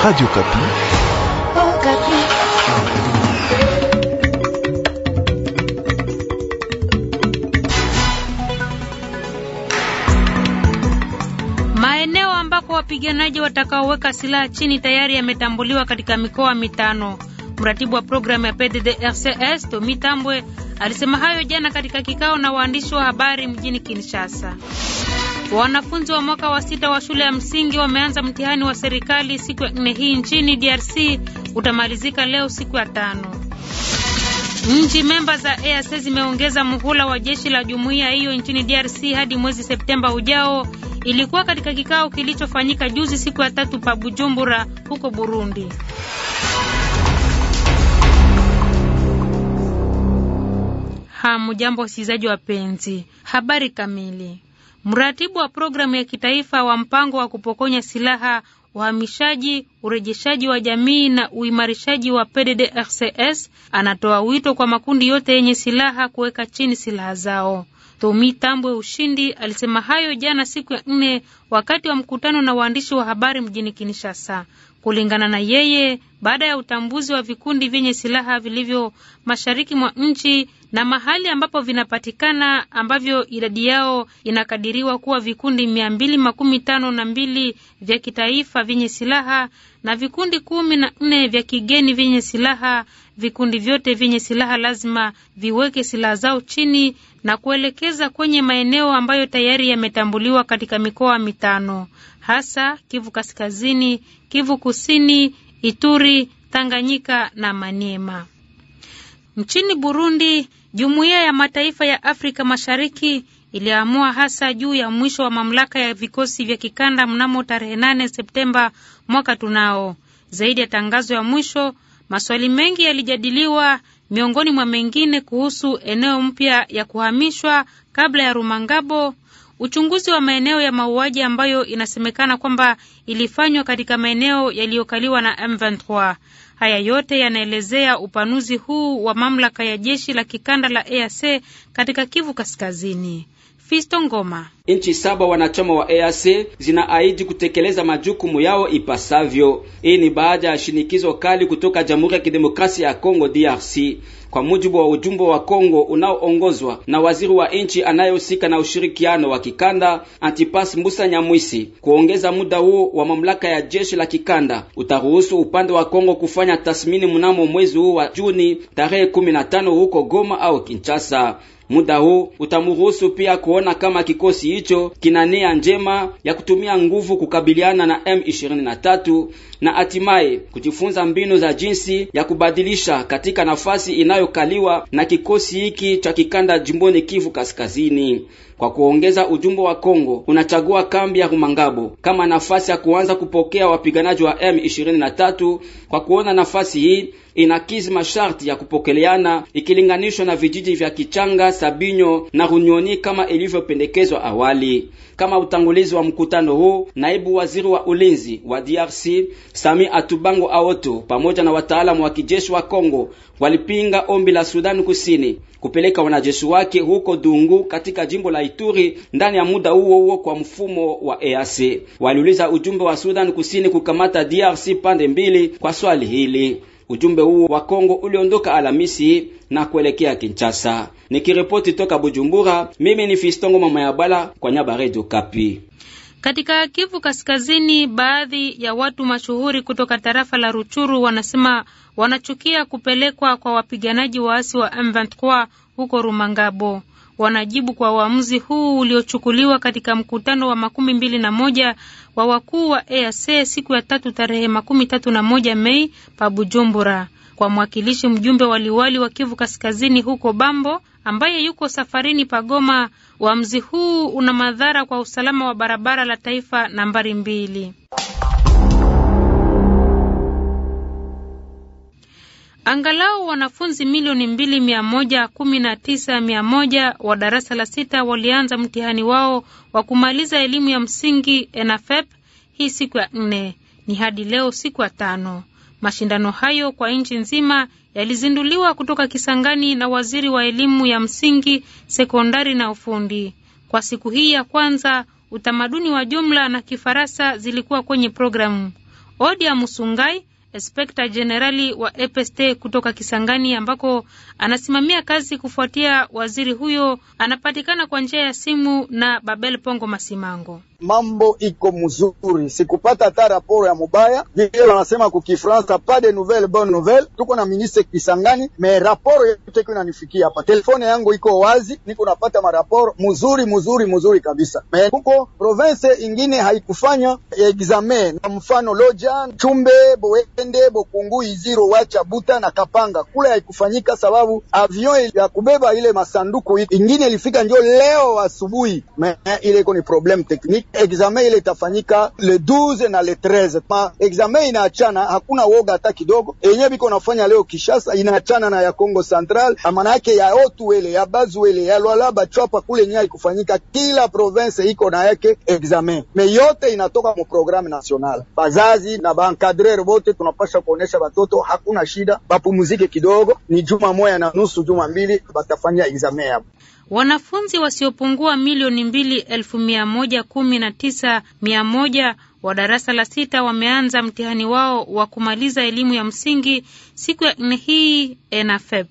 Radio Kapi. Oh, Kapi. Maeneo ambako wapiganaji watakaoweka silaha chini tayari yametambuliwa katika mikoa mitano. Mratibu wa programu ya PDDRCS Tomitambwe alisema hayo jana katika kikao na waandishi wa habari mjini Kinshasa. Wanafunzi wa mwaka wa sita wa shule ya msingi wameanza mtihani wa serikali siku ya nne hii nchini DRC utamalizika leo siku ya tano. Nchi memba za EAC zimeongeza muhula wa jeshi la jumuiya hiyo nchini DRC hadi mwezi Septemba ujao. Ilikuwa katika kikao kilichofanyika juzi siku ya tatu pa Bujumbura huko Burundi. Hamujambo wasikilizaji wapenzi, habari kamili Mratibu wa programu ya kitaifa wa mpango wa kupokonya silaha, uhamishaji, urejeshaji wa jamii na uimarishaji wa PDDRCS anatoa wito kwa makundi yote yenye silaha kuweka chini silaha zao. Tomi Tambwe Ushindi alisema hayo jana siku ya nne wakati wa mkutano na waandishi wa habari mjini Kinshasa. Kulingana na yeye, baada ya utambuzi wa vikundi vyenye silaha vilivyo mashariki mwa nchi, na mahali ambapo vinapatikana ambavyo idadi yao inakadiriwa kuwa vikundi mia mbili makumi tano na mbili vya kitaifa vyenye silaha na vikundi kumi na nne vya kigeni vyenye silaha. Vikundi vyote vyenye silaha lazima viweke silaha zao chini na kuelekeza kwenye maeneo ambayo tayari yametambuliwa katika mikoa mitano hasa Kivu Kaskazini, Kivu Kusini, Ituri, Tanganyika na Maniema. Nchini Burundi Jumuiya ya Mataifa ya Afrika Mashariki iliamua hasa juu ya mwisho wa mamlaka ya vikosi vya kikanda mnamo tarehe 8 Septemba mwaka tunao. Zaidi ya tangazo ya mwisho, maswali mengi yalijadiliwa, miongoni mwa mengine kuhusu eneo mpya ya kuhamishwa kabla ya Rumangabo, uchunguzi wa maeneo ya mauaji ambayo inasemekana kwamba ilifanywa katika maeneo yaliyokaliwa na M23. Haya yote yanaelezea upanuzi huu wa mamlaka ya jeshi la kikanda la EAC katika Kivu Kaskazini. Fisto Ngoma. Nchi saba wanachama wa EAC zinaahidi kutekeleza majukumu yao ipasavyo. Hii ni baada ya shinikizo kali kutoka Jamhuri ya Kidemokrasia ya Kongo DRC. Kwa mujibu wa ujumbe wa Kongo unaoongozwa na waziri wa nchi anayehusika na ushirikiano wa kikanda Antipas Musa Nyamwisi, kuongeza muda huo wa mamlaka ya jeshi la kikanda utaruhusu upande wa Kongo kufanya tathmini mnamo mwezi huu wa Juni tarehe 15 huko Goma au Kinshasa. Muda huu utamuruhusu pia kuona kama kikosi hicho kina nia njema ya kutumia nguvu kukabiliana na M23 na hatimaye kujifunza mbinu za jinsi ya kubadilisha katika nafasi inayokaliwa na kikosi hiki cha kikanda jimboni Kivu Kaskazini. Kwa kuongeza, ujumbe wa Kongo unachagua kambi ya Rumangabo kama nafasi ya kuanza kupokea wapiganaji wa M23 kwa kuona nafasi hii inakizi masharti ya kupokeleana ikilinganishwa na vijiji vya Kichanga, Sabinyo na Runyoni kama ilivyopendekezwa awali kama utangulizi wa mkutano huu, naibu waziri wa ulinzi wa DRC Sami Atubango Aoto pamoja na wataalamu wa kijeshi wa Kongo walipinga ombi la Sudani Kusini kupeleka wanajeshi wake huko Dungu katika jimbo la Ituri ndani ya muda huo huo kwa mfumo wa EAC. Waliuliza ujumbe wa Sudani Kusini kukamata DRC pande mbili kwa swali hili. Ujumbe huo wa Kongo uliondoka Alhamisi na kuelekea Kinshasa. Nikiripoti toka Bujumbura, mimi ni Fistongo mama ya Bala kwa nyaba Radio Kapi. Katika Kivu Kaskazini, baadhi ya watu mashuhuri kutoka tarafa la Ruchuru wanasema wanachukia kupelekwa kwa wapiganaji waasi wa M23 huko Rumangabo wanajibu kwa uamuzi huu uliochukuliwa katika mkutano wa makumi mbili na moja wa wakuu wa EAC siku ya tatu tarehe makumi tatu na moja Mei pabujumbura kwa mwakilishi mjumbe wa liwali wa Kivu Kaskazini huko Bambo ambaye yuko safarini pagoma. Uamuzi huu una madhara kwa usalama wa barabara la taifa nambari mbili. Angalau wanafunzi milioni mbili mia moja kumi na tisa mia moja wa darasa la sita walianza mtihani wao wa kumaliza elimu ya msingi ENAFEP hii siku ya nne ni hadi leo siku ya tano. Mashindano hayo kwa nchi nzima yalizinduliwa kutoka Kisangani na waziri wa elimu ya msingi, sekondari na ufundi. Kwa siku hii ya kwanza, utamaduni wa jumla na Kifaransa zilikuwa kwenye programu. Odia Musungai inspekta jenerali wa EPST kutoka Kisangani ambako anasimamia kazi kufuatia waziri huyo, anapatikana kwa njia ya simu na Babel Pongo Masimango mambo iko mzuri, sikupata hata raporo ya mubaya. Vile wanasema ku Kifransa, pas de nouvelle bonne nouvelle. Tuko na ministre Kisangani, me raporo yote iko inanifikia hapa, telefone yangu iko wazi, niko napata maraporo mzuri mzuri mzuri kabisa. Me huko province ingine haikufanya examen, na mfano Loja, Chumbe, Boende, bokungu Iziro, Wacha, Buta na Kapanga kule haikufanyika sababu avion ya kubeba ile masanduku ingine ilifika njo leo asubuhi. Me eh, ile iko ni problem technique Examen ile itafanyika le 12 na le 13. Ma examen inaachana, hakuna woga hata kidogo. Yenye biko nafanya leo Kishasa inaachana na ya Kongo Central, maana yake ya Otuele, ya Bazuele, ya Lualaba Chwapa kule nyai ikufanyika. Kila province iko na yake examen, me yote inatoka mu programme national. Bazazi na bankadrer bote tunapasha kuonesha batoto hakuna shida, bapumuzike kidogo, ni juma moya na nusu, juma mbili batafanya examen yabo Wanafunzi wasiopungua milioni mbili elfu mia moja kumi na tisa mia moja wa darasa la sita wameanza mtihani wao wa kumaliza elimu ya msingi siku ya nne hii ENAFEP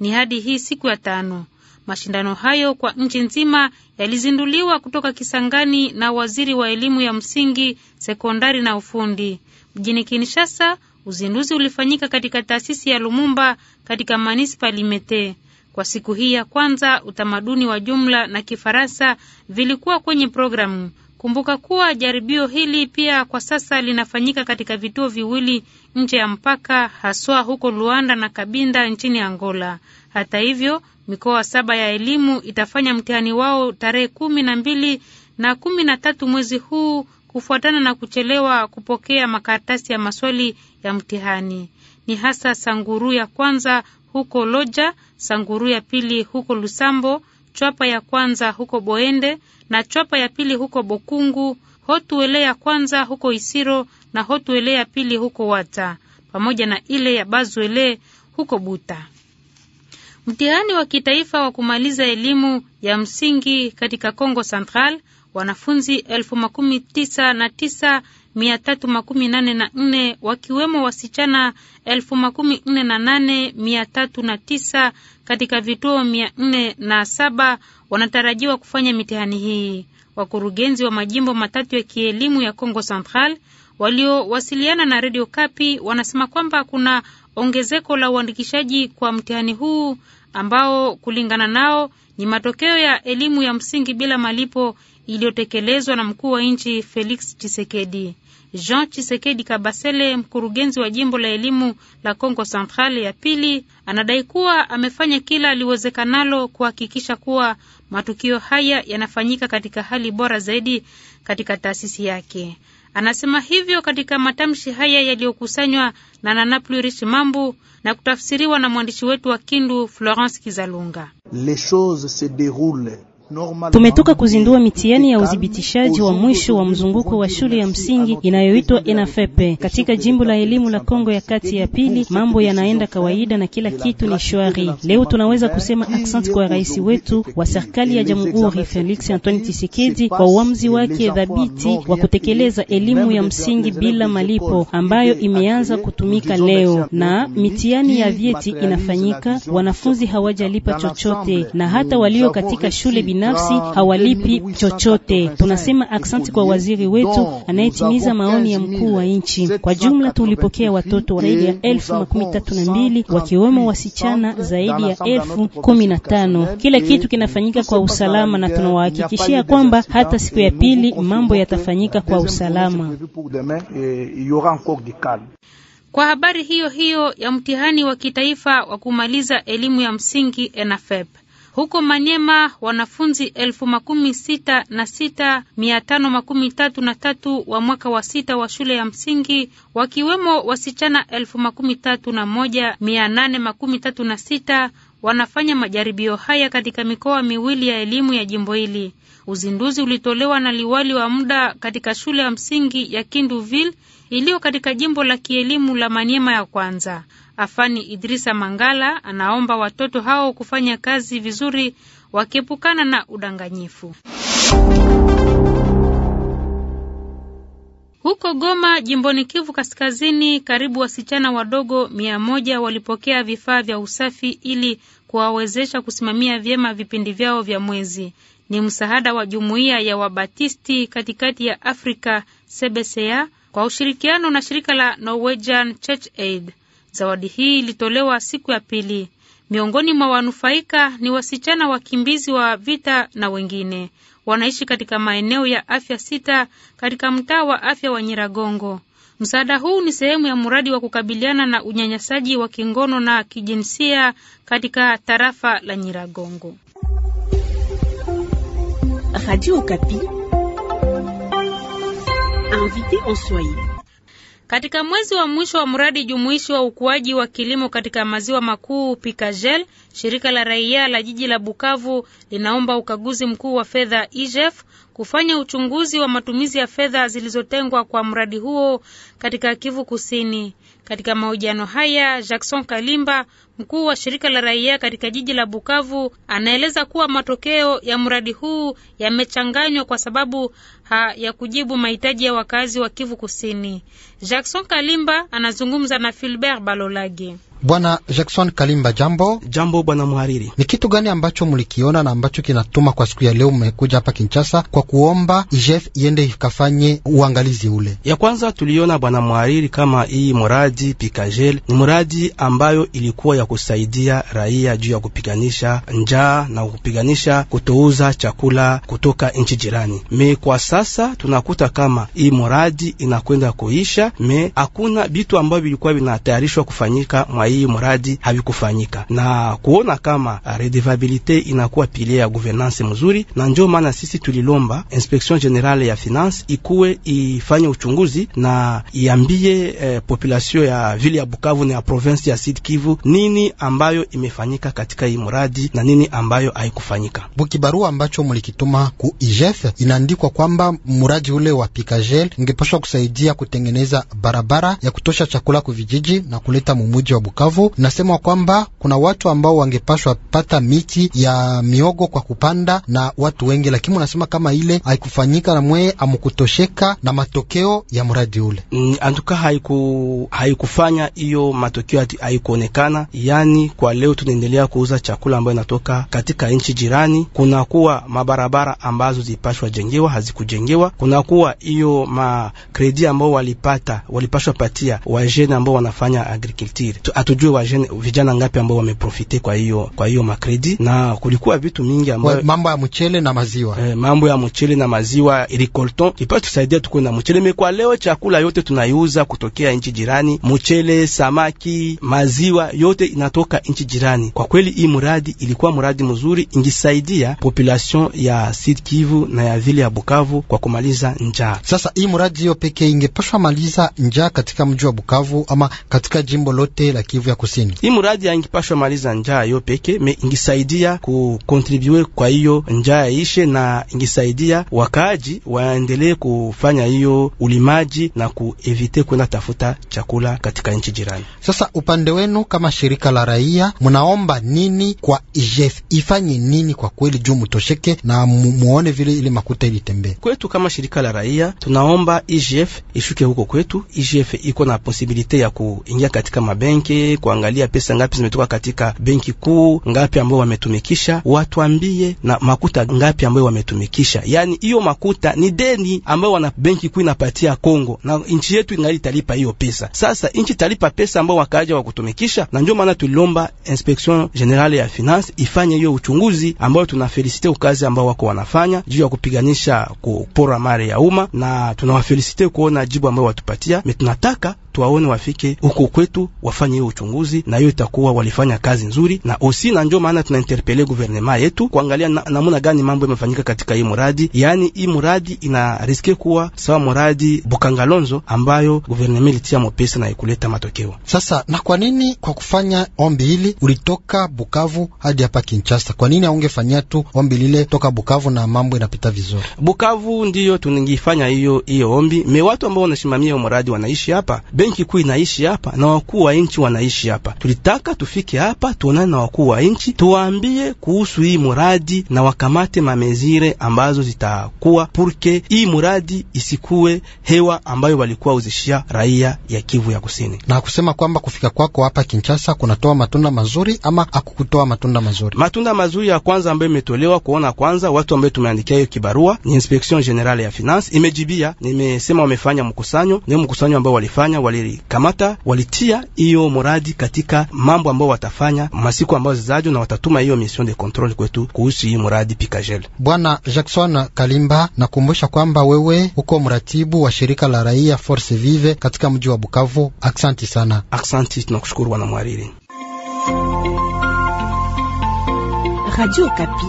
ni hadi hii siku ya tano. Mashindano hayo kwa nchi nzima yalizinduliwa kutoka Kisangani na waziri wa elimu ya msingi, sekondari na ufundi mjini Kinshasa. Uzinduzi ulifanyika katika taasisi ya Lumumba katika manispa Limete. Kwa siku hii ya kwanza, utamaduni wa jumla na Kifaransa vilikuwa kwenye programu. Kumbuka kuwa jaribio hili pia kwa sasa linafanyika katika vituo viwili nje ya mpaka, haswa huko Luanda na Kabinda nchini Angola. Hata hivyo, mikoa saba ya elimu itafanya mtihani wao tarehe kumi na mbili na kumi na tatu mwezi huu kufuatana na kuchelewa kupokea makaratasi ya maswali ya mtihani. Ni hasa Sanguru ya kwanza huko Loja, Sanguru ya pili huko Lusambo, Chwapa ya kwanza huko Boende na Chwapa ya pili huko Bokungu, Hotuele ya kwanza huko Isiro na Hotuele ya pili huko Wata pamoja na ile ya Bazuele huko Buta. Mtihani wa kitaifa wa kumaliza elimu ya msingi katika congo Central, wanafunzi elfu makumi tisa na tisa mia tatu makumi nane na nne wakiwemo wasichana elfu makumi nne na nane mia tatu na tisa katika vituo mia nne na saba wanatarajiwa kufanya mitihani hii. Wakurugenzi wa majimbo matatu ya kielimu ya Congo Central waliowasiliana na redio Kapi wanasema kwamba kuna ongezeko la uandikishaji kwa mtihani huu ambao kulingana nao ni matokeo ya elimu ya msingi bila malipo iliyotekelezwa na mkuu wa nchi Felix Tshisekedi. Jean Tshisekedi Kabasele, mkurugenzi wa jimbo la elimu la congo Central ya pili, anadai kuwa amefanya kila aliwezekanalo kuhakikisha kuwa matukio haya yanafanyika katika hali bora zaidi katika taasisi yake. Anasema hivyo katika matamshi haya yaliyokusanywa na nanaplu rich Mambu na kutafsiriwa na mwandishi wetu wa Kindu Florence Kizalunga. Les choses se Tumetoka kuzindua mitihani ya udhibitishaji wa mwisho wa mzunguko wa shule ya msingi inayoitwa Enafepe katika jimbo la elimu la Kongo ya kati ya pili. Mambo yanaenda kawaida na kila kitu ni shwari. Leo tunaweza kusema asante kwa rais wetu wa serikali ya jamhuri Felix Antoine Tshisekedi kwa uamuzi wake dhabiti wa kutekeleza elimu ya msingi bila malipo ambayo imeanza kutumika leo, na mitihani ya vyeti inafanyika. Wanafunzi hawajalipa chochote, na hata walio katika shule binafsi hawalipi chochote. Tunasema aksanti kwa waziri wetu anayetimiza maoni ya mkuu wa nchi. Kwa jumla tulipokea watoto zaidi ya elfu makumi tatu na mbili wakiwemo wasichana zaidi ya elfu kumi na tano. Kila kitu kinafanyika kwa usalama na tunawahakikishia kwamba hata siku ya pili mambo yatafanyika kwa usalama. Kwa habari hiyo hiyo ya mtihani wa kitaifa wa kumaliza elimu ya msingi ENAFEP. Huko Manyema wanafunzi elfu makumi sita na sita mia tano makumi tatu na tatu wa mwaka wa sita wa shule ya msingi wakiwemo wasichana elfu makumi tatu na moja mia nane makumi tatu na sita wanafanya majaribio haya katika mikoa miwili ya elimu ya jimbo hili. Uzinduzi ulitolewa na liwali wa muda katika shule ya msingi ya Kinduville iliyo katika jimbo la kielimu la Maniema ya kwanza. Afani Idrisa Mangala anaomba watoto hao kufanya kazi vizuri wakiepukana na udanganyifu. Huko Goma, jimboni Kivu Kaskazini, karibu wasichana wadogo mia moja walipokea vifaa vya usafi ili kuwawezesha kusimamia vyema vipindi vyao vya mwezi. Ni msaada wa jumuiya ya Wabatisti katikati ya Afrika, Sebeseya, kwa ushirikiano na shirika la Norwegian Church Aid. Zawadi hii ilitolewa siku ya pili. Miongoni mwa wanufaika ni wasichana wakimbizi wa vita na wengine wanaishi katika maeneo ya afya sita katika mtaa wa afya wa Nyiragongo. Msaada huu ni sehemu ya mradi wa kukabiliana na unyanyasaji wa kingono na kijinsia katika tarafa la Nyiragongo. Radio Kapi. Invité en Katika mwezi wa mwisho wa mradi jumuishi wa ukuaji wa kilimo katika maziwa makuu Pikajel Shirika la raia la jiji la Bukavu linaomba ukaguzi mkuu wa fedha IGF e kufanya uchunguzi wa matumizi ya fedha zilizotengwa kwa mradi huo katika Kivu Kusini. Katika mahojiano haya, Jackson Kalimba, mkuu wa shirika la raia katika jiji la Bukavu, anaeleza kuwa matokeo ya mradi huu yamechanganywa kwa sababu ya kujibu mahitaji ya wakazi wa Kivu Kusini. Jackson Kalimba anazungumza na Filbert Balolage. Bwana Jackson Kalimba, jambo. Jambo bwana mhariri, ni kitu gani ambacho mlikiona na ambacho kinatuma kwa siku ya leo mmekuja hapa Kinshasa kwa kuomba IGF iende ikafanye uangalizi ule? Ya kwanza tuliona bwana mhariri, kama hii muradi Pikajel ni muradi ambayo ilikuwa ya kusaidia raia juu ya kupiganisha njaa na kupiganisha kutouza chakula kutoka nchi jirani. Me kwa sasa tunakuta kama hii muradi inakwenda kuisha, me hakuna vitu ambavyo vilikuwa vinatayarishwa kufanyika mwa hii mradi havikufanyika, na kuona kama uh, redevabilite inakuwa pile ya governance mzuri, na njo maana sisi tulilomba inspection generale ya finance ikuwe ifanye uchunguzi na iambie eh, population ya ville ya Bukavu na ya province ya Sud Kivu nini ambayo imefanyika katika hii mradi na nini ambayo haikufanyika. Bukibarua ambacho mulikituma ku IGF inaandikwa kwamba mradi ule wa Pikajel ungepaswa kusaidia kutengeneza barabara ya kutosha chakula ku vijiji na kuleta mumuji wa Bukavu. Bukavu nasema kwamba kuna watu ambao wangepashwa pata miti ya miogo kwa kupanda na watu wengi, lakini unasema kama ile haikufanyika na mweye amukutosheka na matokeo ya mradi ule mm, antuka haiku haikufanya hiyo matokeo ati haikuonekana. Yani kwa leo tunaendelea kuuza chakula ambayo inatoka katika nchi jirani. Kunakuwa mabarabara ambazo zipashwa jengewa hazikujengewa. Kunakuwa hiyo makredi ambao walipata walipashwa patia wajene ambao wanafanya agriculture hatujue wa vijana ngapi ambao wameprofite kwa hiyo kwa hiyo makredi, na kulikuwa vitu mingi ambayo mambo ya mchele na maziwa eh, mambo ya mchele na maziwa ilikolton ipo tusaidia tuko na mchele mekwa. Leo chakula yote tunaiuza kutokea nchi jirani, mchele, samaki, maziwa yote inatoka nchi jirani. Kwa kweli hii muradi ilikuwa muradi mzuri, ingisaidia population ya Sud Kivu na ya vile ya Bukavu kwa kumaliza njaa. Sasa hii muradi hiyo pekee ingepashwa maliza njaa katika mji wa Bukavu ama katika jimbo lote la Kivu ya Kusini. Hii muradi angipashwa maliza njaa yo peke me ingisaidia kukontribue kwa hiyo njaa ishe, na ingisaidia wakaaji waendelee kufanya hiyo ulimaji na kuevite kwenda tafuta chakula katika nchi jirani. Sasa upande wenu kama shirika la raia mnaomba nini kwa IGF ifanye nini kwa kweli juu mutosheke na muone vile ile makuta ilitembee? Kwetu kama shirika la raia tunaomba IGF ishuke huko kwetu. IGF iko na posibilite ya kuingia katika mabenki kuangalia pesa ngapi zimetoka katika benki kuu, ngapi ambayo wametumikisha, watuambie na makuta ngapi ambayo wametumikisha. Yani hiyo makuta ni deni ambayo wana benki kuu inapatia Kongo, na nchi yetu ingali italipa hiyo pesa. Sasa nchi italipa pesa ambayo wakaaja wa kutumikisha, na ndio maana tulilomba Inspection Generale ya Finance ifanye hiyo uchunguzi ambayo tunafelisite ukazi ambao wako wanafanya juu ya kupiganisha kupora mali ya umma, na tunawafelisite kuona jibu ambayo watupatia tunataka tuwaone wafike huko kwetu wafanye hiyo uchunguzi, na hiyo itakuwa walifanya kazi nzuri, na osi na njo maana tunainterpele guvernema yetu kuangalia namuna na gani mambo yamefanyika katika hii muradi. Yaani hii muradi ina riske kuwa sawa muradi Bukangalonzo ambayo guvernema ilitia mopesa na ikuleta matokeo. Sasa na kwa nini kwa kufanya ombi hili ulitoka Bukavu hadi hapa Kinshasa? Kwa nini aungefanyia tu ombi lile toka Bukavu na mambo inapita vizuri? Bukavu ndiyo tuningifanya hiyo hiyo ombi me watu ambao wanasimamia muradi wanaishi hapa Be benki kuu inaishi hapa na wakuu wa nchi wanaishi hapa. Tulitaka tufike hapa tuonane na wakuu wa nchi, tuwaambie kuhusu hii muradi na wakamate mamezire ambazo zitakuwa purke hii muradi isikuwe hewa ambayo walikuwa uzishia raia ya Kivu ya Kusini. Na kusema kwamba kufika kwako hapa Kinshasa kunatoa matunda mazuri ama akukutoa matunda mazuri? Matunda mazuri ya kwanza ambayo imetolewa kuona kwanza watu ambao tumeandikia hiyo kibarua ni Inspection Generale ya Finance imejibia, nimesema wamefanya mkusanyo, ni mkusanyo ambao walifanya wali walikamata walitia hiyo muradi katika mambo ambayo watafanya masiku ambayo zijazo, na watatuma hiyo mission de control kwetu kuhusu hii muradi Pikajel. Bwana Jackson Kalimba, nakumbusha kwamba wewe uko mratibu wa shirika la raia Force Vive katika mji wa Bukavu. Aksanti sana. Aksanti, tunakushukuru bwana mwariri. Radio Kapi,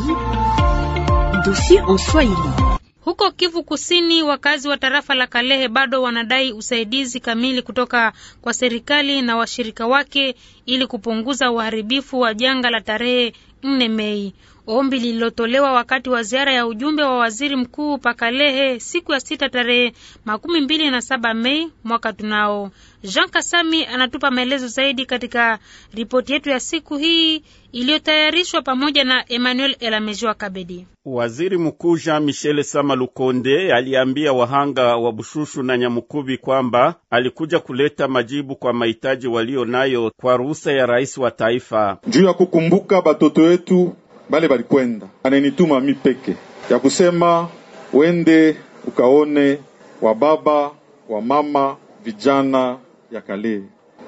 dossier en Swahili. Huko Kivu Kusini, wakazi wa tarafa la Kalehe bado wanadai usaidizi kamili kutoka kwa serikali na washirika wake ili kupunguza uharibifu wa janga la tarehe 4 Mei ombi lililotolewa wakati wa ziara ya ujumbe wa waziri mkuu Pakalehe siku ya sita tarehe makumi mbili na saba Mei mwaka tunao. Jean Kasami anatupa maelezo zaidi katika ripoti yetu ya siku hii iliyotayarishwa pamoja na Emmanuel Elamejiwa Kabedi. Waziri Mkuu Jean Michel Sama Lukonde aliambia wahanga wa Bushushu na Nyamukubi kwamba alikuja kuleta majibu kwa mahitaji walio nayo kwa ruhusa ya rais wa taifa juu ya kukumbuka batoto wetu bale balikwenda, ananituma mi peke ya kusema wende ukaone wa baba wa mama vijana ya kale.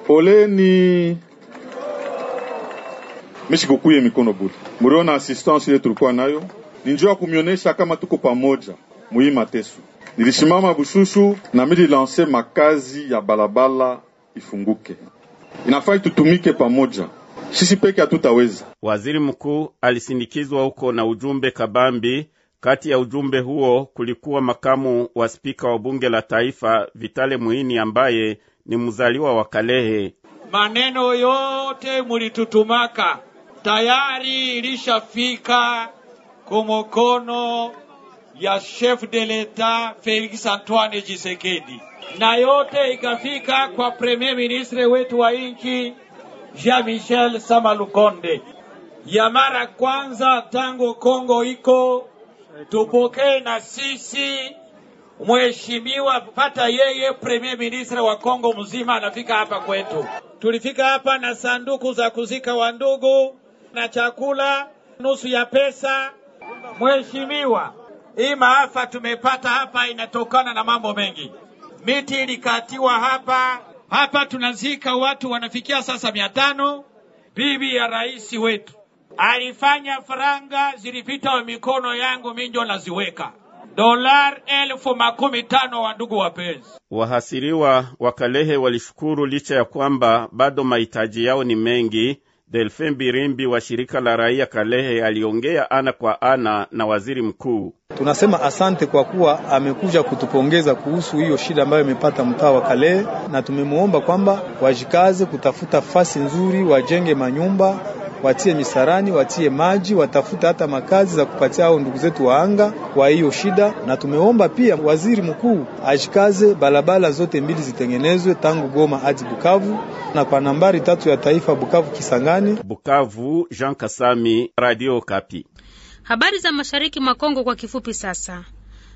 Poleni, mishikukuye mikono buli Muriona assistance ile tulikuwa nayo, ninjua kumionyesha kama tuko pamoja muhii mateso. Nilisimama Bushushu na mimi makazi ya balabala ifunguke, inafai tutumike pamoja sisi peke hatutaweza. Waziri mkuu alisindikizwa huko na ujumbe kabambi. Kati ya ujumbe huo kulikuwa makamu wa spika wa bunge la taifa Vitale Muini ambaye ni mzaliwa wa Kalehe. Maneno yote mulitutumaka tayari ilishafika kumokono ya chef de l'etat Felix Antoine Tshisekedi, na yote ikafika kwa premier ministre wetu wa nchi Jean Michel samalukonde Ya mara kwanza tangu Kongo iko, tupokee na sisi mheshimiwa, pata yeye premier ministre wa Kongo mzima anafika hapa kwetu. Tulifika hapa na sanduku za kuzika wandugu na chakula, nusu ya pesa. Mheshimiwa, hii maafa tumepata hapa inatokana na mambo mengi. Miti ilikatiwa hapa hapa tunazika watu wanafikia sasa mia tano. Bibi ya rais wetu alifanya faranga zilipita mikono yangu, minjo naziweka dolar elfu makumi tano. Wandugu wapenzi, wahasiriwa wa Kalehe walishukuru licha ya kwamba bado mahitaji yao ni mengi Delfin Birimbi wa shirika la raia Kalehe aliongea ana kwa ana na waziri mkuu. Tunasema asante kwa kuwa amekuja kutupongeza kuhusu hiyo shida ambayo imepata mtaa wa Kalehe, na tumemwomba kwamba wajikaze kutafuta fasi nzuri, wajenge manyumba watie misarani, watie maji, watafuta hata makazi za kupatia hao ndugu zetu waanga kwa hiyo shida. Na tumeomba pia waziri mkuu ashikaze barabara zote mbili zitengenezwe tangu Goma hadi Bukavu na kwa nambari tatu ya taifa Bukavu Kisangani. Bukavu, Jean Kasami, Radio Kapi. Habari za mashariki mwa Kongo kwa kifupi sasa.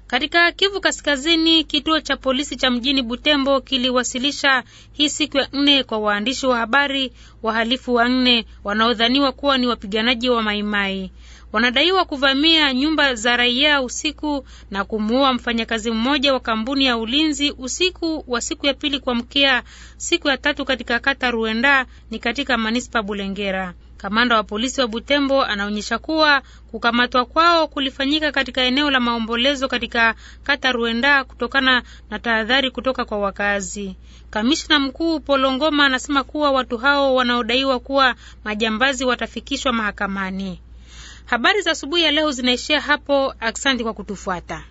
Katika Kivu Kaskazini, kituo cha polisi cha mjini Butembo kiliwasilisha hii siku ya nne kwa waandishi wa habari wahalifu wanne wanaodhaniwa kuwa ni wapiganaji wa Maimai. Wanadaiwa kuvamia nyumba za raia usiku na kumuua mfanyakazi mmoja wa kampuni ya ulinzi usiku wa siku ya pili kuamkia siku ya tatu katika kata Ruenda ni katika manispa Bulengera. Kamanda wa polisi wa Butembo anaonyesha kuwa kukamatwa kwao kulifanyika katika eneo la maombolezo katika kata Ruenda kutokana na tahadhari kutoka kwa wakazi. Kamishna mkuu Polongoma anasema kuwa watu hao wanaodaiwa kuwa majambazi watafikishwa mahakamani. Habari za asubuhi ya leo zinaishia hapo. Asante kwa kutufuata.